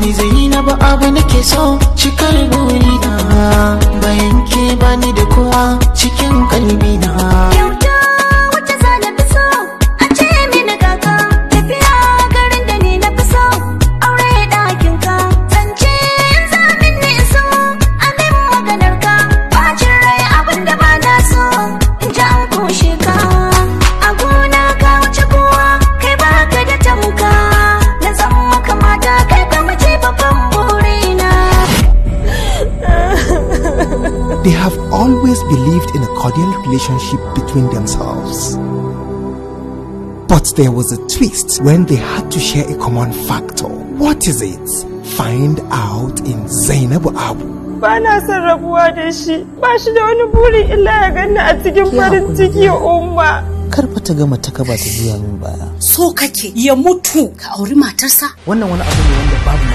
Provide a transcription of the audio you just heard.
ni zai na zainabu abu nake so cikar burina bayan ke bani da kowa cikin kalbina They have always believed in a cordial relationship between themselves. But there was a twist when they had to share a common factor. What is it? Find out in Zainabu Abu. ba na son rabuwa da shi ba shi da wani burin illa ya gani a cikin farin ciki umma karfa ta gama ta kaba ta juya min baya so kake ya mutu ka auri matarsa wannan wani abu ne wanda babu